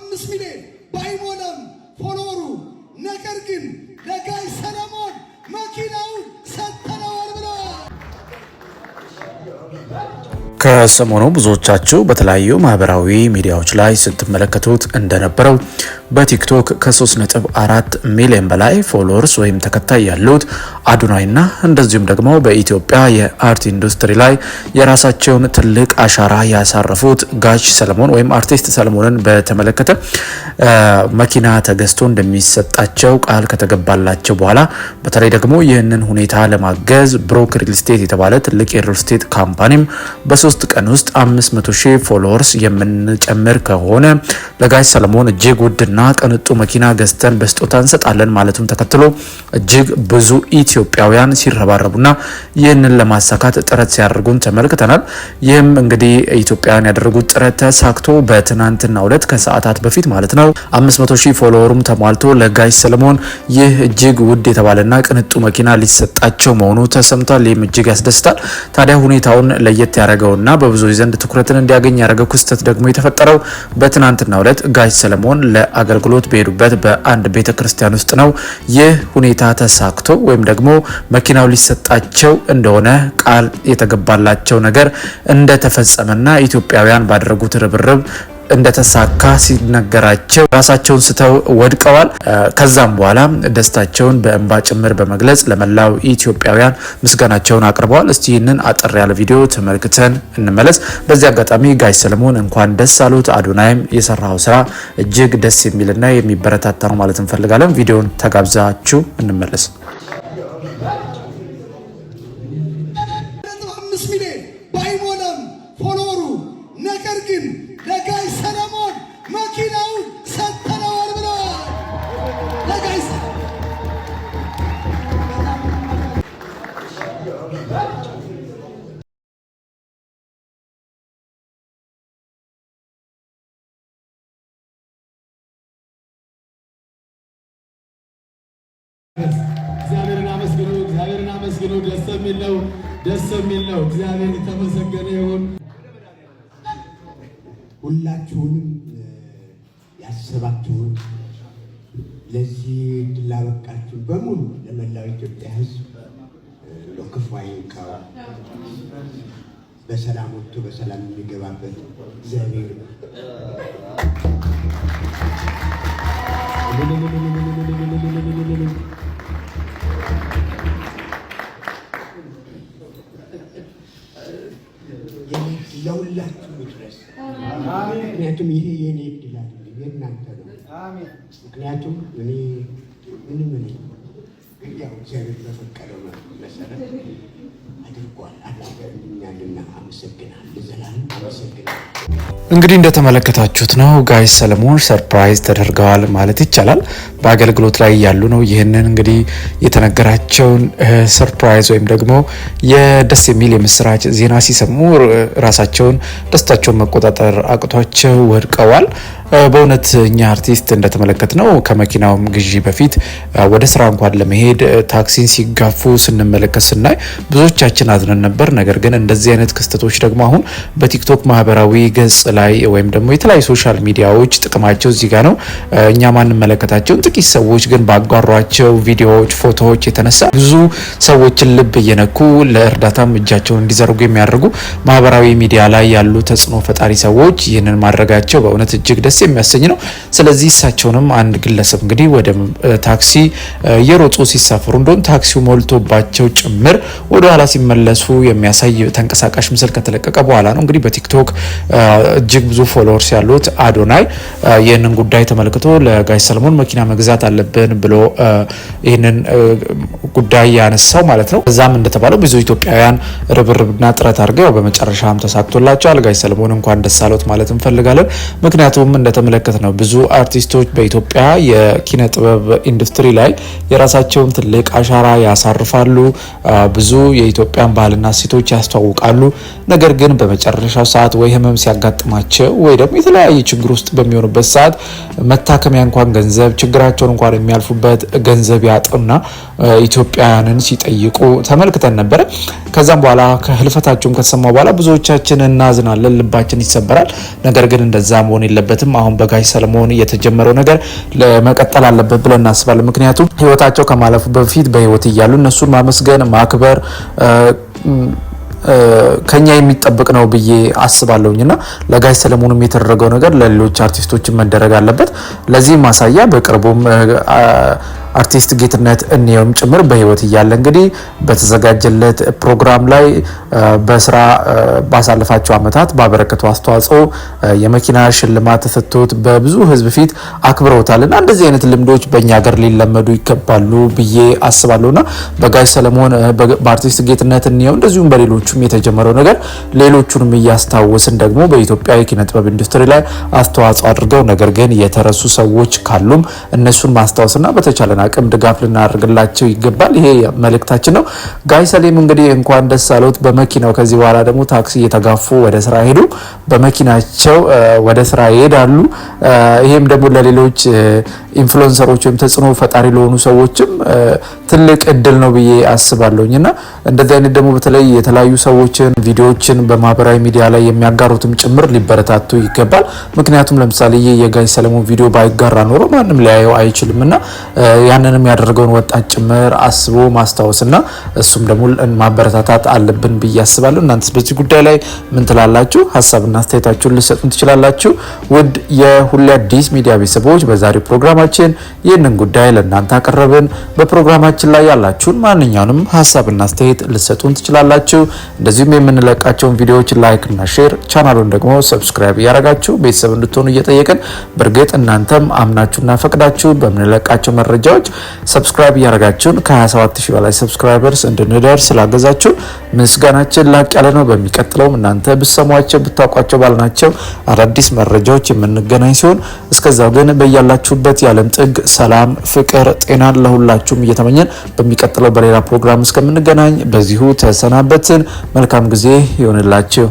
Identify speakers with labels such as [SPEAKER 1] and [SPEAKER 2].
[SPEAKER 1] አምስት ሚሊዮን ባይሞላም ፎሎወሩ ነገር ግን ሰለሞን መኪናውን ሰጥተነዋል ብለዋል። ከሰሞኑ ብዙዎቻችሁ በተለያዩ ማህበራዊ ሚዲያዎች ላይ ስትመለከቱት እንደነበረው በቲክቶክ ከ3.4 ሚሊዮን በላይ ፎሎወርስ ወይም ተከታይ ያሉት አዱናይና እንደዚሁም ደግሞ በኢትዮጵያ የአርት ኢንዱስትሪ ላይ የራሳቸውን ትልቅ አሻራ ያሳረፉት ጋሽ ሰለሞን ወይም አርቲስት ሰለሞንን በተመለከተ መኪና ተገዝቶ እንደሚሰጣቸው ቃል ከተገባላቸው በኋላ በተለይ ደግሞ ይህንን ሁኔታ ለማገዝ ብሮክ ሪል ስቴት የተባለ ትልቅ የሪል ስቴት ካምፓኒም በሶስት ቀን ውስጥ 500 ሺህ ፎሎወርስ የምንጨምር ከሆነ ለጋሽ ሰለሞን እጅግ ውድና እና ቅንጡ መኪና ገዝተን በስጦታ እንሰጣለን ማለቱም ተከትሎ እጅግ ብዙ ኢትዮጵያውያን ሲረባረቡና ይህንን ለማሳካት ጥረት ሲያደርጉን ተመልክተናል። ይህም እንግዲህ ኢትዮጵያውያን ያደረጉት ጥረት ተሳክቶ በትናንትና ሁለት ከሰዓታት በፊት ማለት ነው 500 ሺህ ፎሎወሩም ተሟልቶ ለጋሽ ሰለሞን ይህ እጅግ ውድ የተባለና ቅንጡ መኪና ሊሰጣቸው መሆኑ ተሰምቷል። ይህም እጅግ ያስደስታል። ታዲያ ሁኔታውን ለየት ያደረገውና በብዙ ዘንድ ትኩረትን እንዲያገኝ ያደረገው ክስተት ደግሞ የተፈጠረው በትናንትና ሁለት ጋሽ ሰለሞን አገልግሎት በሄዱበት በአንድ ቤተ ክርስቲያን ውስጥ ነው። ይህ ሁኔታ ተሳክቶ ወይም ደግሞ መኪናው ሊሰጣቸው እንደሆነ ቃል የተገባላቸው ነገር እንደተፈጸመና ኢትዮጵያውያን ባደረጉት ርብርብ እንደተሳካ ሲነገራቸው ራሳቸውን ስተው ወድቀዋል። ከዛም በኋላ ደስታቸውን በእንባ ጭምር በመግለጽ ለመላው ኢትዮጵያውያን ምስጋናቸውን አቅርበዋል። እስቲ ይህንን አጠር ያለ ቪዲዮ ተመልክተን እንመለስ። በዚህ አጋጣሚ ጋሽ ሰለሞን እንኳን ደስ አሉት። አዶናይም የሰራው ስራ እጅግ ደስ የሚልና የሚበረታታ ነው ማለት እንፈልጋለን። ቪዲዮን ተጋብዛችሁ እንመለስ። እግዚአብሔርን አመስግኑ፣ እግዚአብሔርን አመስግኑ። ደስ የሚል ነው፣ ደስ የሚል ነው። እግዚአብሔር የተመሰገነ ይሁን። ሁላችሁንም ያሰባችሁን ለዚህ ድል በሙሉ ለመላው ኢትዮጵያ ሕዝብ ክፉ አይንካው፣ በሰላም ወጥቶ በሰላም የሚገባበት እግዚአብሔር ለሁላችሁ ይድረስ። ምክንያቱም ይሄ የኔ እድል አይደለም፣ የእናንተ ነው። ምክንያቱም እኔ ምንም ያው እግዚአብሔር በፈቀደው መሰረት እንግዲህ እንደተመለከታችሁት ነው ጋይስ ሰለሞን ሰርፕራይዝ ተደርገዋል ማለት ይቻላል። በአገልግሎት ላይ ያሉ ነው ይህንን እንግዲህ የተነገራቸውን ሰርፕራይዝ ወይም ደግሞ የደስ የሚል የምስራች ዜና ሲሰሙ ራሳቸውን ደስታቸውን መቆጣጠር አቅቷቸው ወድቀዋል። በእውነት እኛ አርቲስት እንደተመለከት ነው ከመኪናውም ግዢ በፊት ወደ ስራ እንኳን ለመሄድ መንገድ ታክሲን ሲጋፉ ስንመለከት ስናይ ብዙዎቻችን አዝነን ነበር። ነገር ግን እንደዚህ አይነት ክስተቶች ደግሞ አሁን በቲክቶክ ማህበራዊ ገጽ ላይ ወይም ደግሞ የተለያዩ ሶሻል ሚዲያዎች ጥቅማቸው እዚህ ጋር ነው። እኛ ማንመለከታቸውን ጥቂት ሰዎች ግን ባጓሯቸው ቪዲዮዎች፣ ፎቶዎች የተነሳ ብዙ ሰዎችን ልብ እየነኩ ለእርዳታም እጃቸውን እንዲዘርጉ የሚያደርጉ ማህበራዊ ሚዲያ ላይ ያሉ ተጽዕኖ ፈጣሪ ሰዎች ይህንን ማድረጋቸው በእውነት እጅግ ደስ የሚያሰኝ ነው። ስለዚህ እሳቸውንም አንድ ግለሰብ እንግዲህ ወደ ታክሲ እየሮጡ ሲሳፈሩ እንደውም ታክሲው ሞልቶባቸው ጭምር ወደ ኋላ ሲመለሱ የሚያሳይ ተንቀሳቃሽ ምስል ከተለቀቀ በኋላ ነው። እንግዲህ በቲክቶክ እጅግ ብዙ ፎሎወርስ ያሉት አዶናይ ይህንን ጉዳይ ተመልክቶ ለጋሽ ሰለሞን መኪና መግዛት አለብን ብሎ ይህንን ጉዳይ ያነሳው ማለት ነው። ከዛም እንደተባለው ብዙ ኢትዮጵያውያን ርብርብና ጥረት አድርገው በመጨረሻም ተሳክቶላቸዋል። ጋሽ ሰለሞን እንኳን ደስ አሎት ማለት እንፈልጋለን። ምክንያቱም እንደተመለከት ነው ብዙ አርቲስቶች በኢትዮጵያ የኪነ ጥበብ ኢንዱስትሪ ላይ የራሳቸው ላይም ትልቅ አሻራ ያሳርፋሉ። ብዙ የኢትዮጵያን ባህልና እሴቶች ያስተዋውቃሉ። ነገር ግን በመጨረሻው ሰዓት ወይ ህመም ሲያጋጥማቸው ወይ ደግሞ የተለያየ ችግር ውስጥ በሚሆኑበት ሰዓት መታከሚያ እንኳን ገንዘብ ችግራቸውን እንኳን የሚያልፉበት ገንዘብ ያጡና ኢትዮጵያውያንን ሲጠይቁ ተመልክተን ነበረ። ከዛም በኋላ ከህልፈታቸውም ከተሰማ በኋላ ብዙዎቻችን እናዝናለን፣ ልባችን ይሰበራል። ነገር ግን እንደዛ መሆን የለበትም። አሁን በጋሽ ሰለሞን የተጀመረው ነገር መቀጠል አለበት ብለን እናስባለን። ምክንያቱም ህይወታቸው ከማለ ከማለፉ በፊት በህይወት እያሉ እነሱን ማመስገን ማክበር ከኛ የሚጠበቅ ነው ብዬ አስባለሁኝ እና ለጋሽ ሰለሞኑም የተደረገው ነገር ለሌሎች አርቲስቶችን መደረግ አለበት። ለዚህም ማሳያ በቅርቡም አርቲስት ጌትነት እንየውም ጭምር በህይወት እያለ እንግዲህ በተዘጋጀለት ፕሮግራም ላይ በስራ ባሳለፋቸው አመታት ባበረከቱ አስተዋጽኦ የመኪና ሽልማት ተሰጥቶት በብዙ ህዝብ ፊት አክብረውታል እና እንደዚህ አይነት ልምዶች በእኛ ሀገር ሊለመዱ ይገባሉ ብዬ አስባለሁ እና በጋሽ ሰለሞን በአርቲስት ጌትነት እንየው እንደዚሁም በሌሎቹም የተጀመረው ነገር ሌሎቹንም እያስታወስን ደግሞ በኢትዮጵያ የኪነ ጥበብ ኢንዱስትሪ ላይ አስተዋጽኦ አድርገው ነገር ግን የተረሱ ሰዎች ካሉም እነሱን ማስታወስና በተቻለና አቅም ድጋፍ ልናደርግላቸው ይገባል። ይሄ መልእክታችን ነው። ጋይ ሰሌም እንግዲህ እንኳን ደስ አለዎት በመኪናው። ከዚህ በኋላ ደግሞ ታክሲ እየተጋፉ ወደ ስራ ሄዱ፣ በመኪናቸው ወደ ስራ ይሄዳሉ። ይሄም ደግሞ ለሌሎች ኢንፍሉዌንሰሮች ወይም ተጽዕኖ ፈጣሪ ለሆኑ ሰዎችም ትልቅ እድል ነው ብዬ አስባለሁኝ እና እንደዚህ አይነት ደግሞ በተለይ የተለያዩ ሰዎችን ቪዲዮዎችን በማህበራዊ ሚዲያ ላይ የሚያጋሩትም ጭምር ሊበረታቱ ይገባል። ምክንያቱም ለምሳሌ ይህ የጋይ ሰለሞን ቪዲዮ ባይጋራ ኖሮ ማንም ሊያየው አይችልም እና ያንንም ያደረገውን ወጣት ጭምር አስቦ ማስታወስና እሱም ደግሞ ማበረታታት አለብን ብዬ አስባለሁ። እናንተስ በዚህ ጉዳይ ላይ ምን ትላላችሁ? ሀሳብና አስተያየታችሁን ልሰጡን ትችላላችሁ። ውድ የሁሌ አዲስ ሚዲያ ቤተሰቦች በዛሬው ፕሮግራማችን ይህንን ጉዳይ ለእናንተ አቀረብን። በፕሮግራማችን ላይ ያላችሁን ማንኛውንም ሀሳብና አስተያየት ልሰጡን ትችላላችሁ። እንደዚሁም የምንለቃቸውን ቪዲዮዎች ላይክ እና ሼር፣ ቻናሉን ደግሞ ሰብስክራይብ እያደረጋችሁ ቤተሰብ እንድትሆኑ እየጠየቅን በእርግጥ እናንተም አምናችሁና ፈቅዳችሁ በምንለቃቸው መረጃዎች ሚዲያዎች ሰብስክራይብ እያደረጋችሁን ከ27000 በላይ ሰብስክራይበርስ እንድንደርስ ስላገዛችሁ ምስጋናችን ላቅ ያለ ነው። በሚቀጥለውም እናንተ ብሰሟቸው ብታውቋቸው ባልናቸው አዳዲስ መረጃዎች የምንገናኝ ሲሆን እስከዛው ግን በያላችሁበት የዓለም ጥግ ሰላም፣ ፍቅር፣ ጤናን ለሁላችሁም እየተመኘን በሚቀጥለው በሌላ ፕሮግራም እስከምንገናኝ በዚሁ ተሰናበትን። መልካም ጊዜ ይሆንላችሁ።